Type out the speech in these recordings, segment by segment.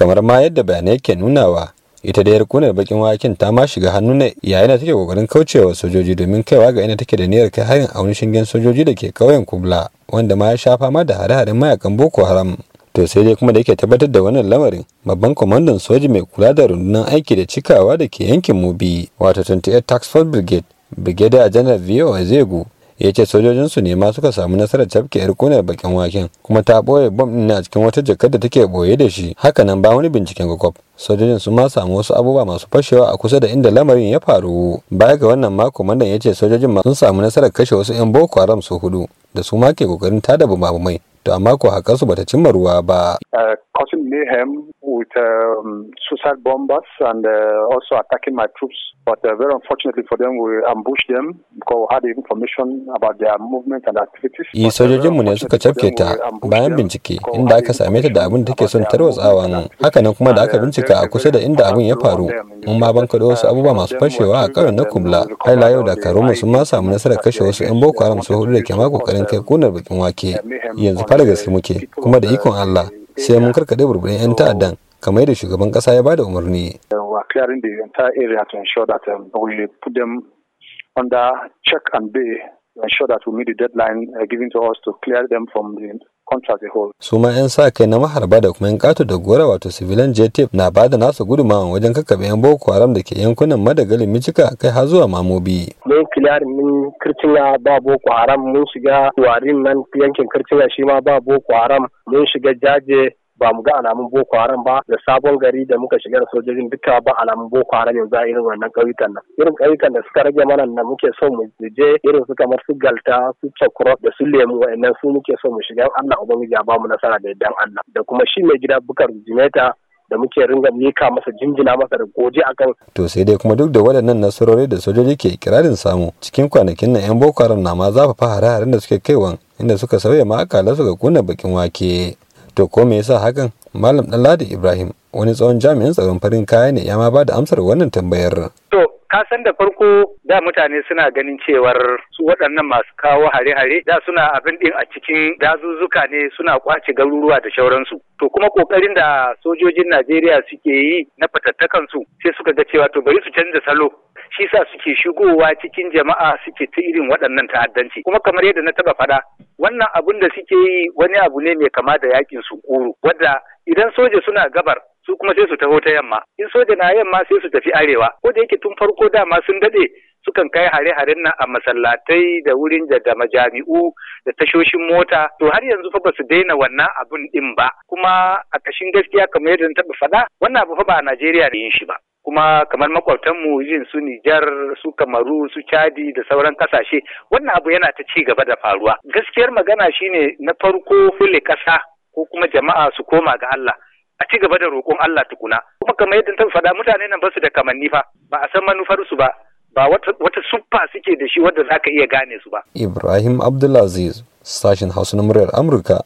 kamar ma yadda bayanai ke nunawa ita da yarkunar bakin waken ta ma shiga hannu ne yayin da take kokarin kaucewa sojoji domin kaiwa ga inda take da niyyar kai harin a wani shingen sojoji da ke kauyen kubla wanda ma ya sha fama da hare-haren mayakan boko haram to sai dai kuma da yake tabbatar da wannan lamarin babban kwamandan soji mai kula da rundunar aiki da cikawa da ke yankin mubi wato 28 tax force brigade brigadier general vio ezegu ya ce sojojinsu ne ma suka samu nasarar cafke yar kunar bakin waken kuma ta ɓoye bom ɗin a cikin wata jakar da take ɓoye da shi hakanan ba wani binciken gokop sojojin sun ma samu wasu abubuwa masu fashewa a kusa da inda lamarin ya faru baya ga wannan ma kwamandan ya ce sojojin ma sun samu nasarar kashe wasu 'yan boko haram su hudu da su ma ke kokarin tada bumabumai to amma ko su bata cimma ruwa ba. Uh, with um, suicide bombers and uh, also attacking my troops. But uh, very unfortunately for them, we ambushed them because we had information about their movement and activities. Yi uh, sojojinmu ne suka cafke ta bayan bincike inda aka same ta da abin da take son tarwatsawa hakanan kuma da aka uh, bincika a kusa da inda abin ya faru mun ma ban kaɗo wasu uh, abubuwa masu fashewa a ƙauyen na kubla har la yau da karo sun ma samu nasarar kashe wasu 'yan boko haram su hudu da ke ma kokarin kai kunar bikin wake yanzu fara gaske muke kuma da ikon allah sai mun karkade burburin 'yan ta'addan kamar da shugaban kasa ya bada umarni. Uh, clearing the entire area to ensure that um, we put them under check and bay to ensure that we meet the deadline uh, given to us to clear them from the contract the whole. Su ma 'yan sa kai na maharba da kuma 'yan kato da gora wato civilian JTF na bada nasu gudumawa wajen kakkaɓe 'yan Boko Haram da ke yankunan Madagali Micika kai har zuwa Mamobi. Mun clear min Kirtina ba Boko Haram mun shiga warin nan yankin Kirtina shi ma ba Boko Haram mun shiga jaje ba mu ga alamun boko haram ba da sabon gari da muka shiga da sojojin duka ba alamun boko haram yanzu a irin wannan ƙauyukan nan irin ƙauyukan da suka rage mana nan muke so mu je irin su kamar su galta su cakurot da su lemu wa'annan su muke so mu shiga Allah ubangiji ya ba mu nasara da dan Allah da kuma shi mai gida bukar jimeta da muke ringa mika masa jinjina masa da goje kan to sai dai kuma duk da waɗannan nasarori da sojoji ke kirarin samu cikin kwanakin nan yan boko haram na ma fa hare-haren da suke kaiwa inda suka sauya ma akalansu ga kunna bakin wake to ko me yasa hakan malam Ladi ibrahim wani tsawon jami'in tsaron farin kaya ne ya ma ba da amsar wannan tambayar to ka san da farko da mutane suna ganin cewar su waɗannan masu kawo hare-hare da suna abin ɗin a cikin dazuzzuka ne suna kwace garuruwa da shauransu to kuma kokarin da sojojin Najeriya suke yi na fatattakan su sai suka ga cewa to bari su canza salo shi sa suke shigowa cikin jama'a suke ta irin waɗannan ta'addanci kuma kamar yadda na taɓa faɗa wannan abun da suke yi wani abu ne mai kama da yakin sunkuru wadda idan soja suna gabar su kuma sai su taho ta yamma in soja na yamma sai su tafi arewa ko da yake tun farko dama sun dade sukan kai hare-haren nan a masallatai da wurin da majami'u da tashoshin mota to har yanzu fa ba su daina wannan abun din ba kuma a kashin gaskiya kamar yadda na taɓa faɗa wannan abu fa ba a Najeriya ne yin shi ba kuma kamar makwabtanmu yin su Nijar su Kamaru su Chadi da sauran kasashe wannan abu yana ta ci gaba da faruwa gaskiyar magana shine na farko hule kasa ko kuma jama'a su koma ga Allah a ci gaba da roƙon Allah tukuna kuma kamar yadda ta faɗa mutane nan ba su da kamanni fa ba a san manufar su ba ba wata, wata suffa suke da shi wadda zaka iya gane su ba Ibrahim Abdulaziz sashin Hausa na muryar Amurka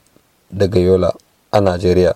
daga Yola a Najeriya